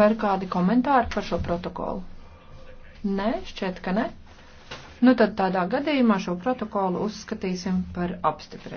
Vai ir kādi komentāri par šo protokolu? Nē, šķiet, ka ne. Nu tad tādā gadījumā šo protokolu uzskatīsim par apstiprinātu.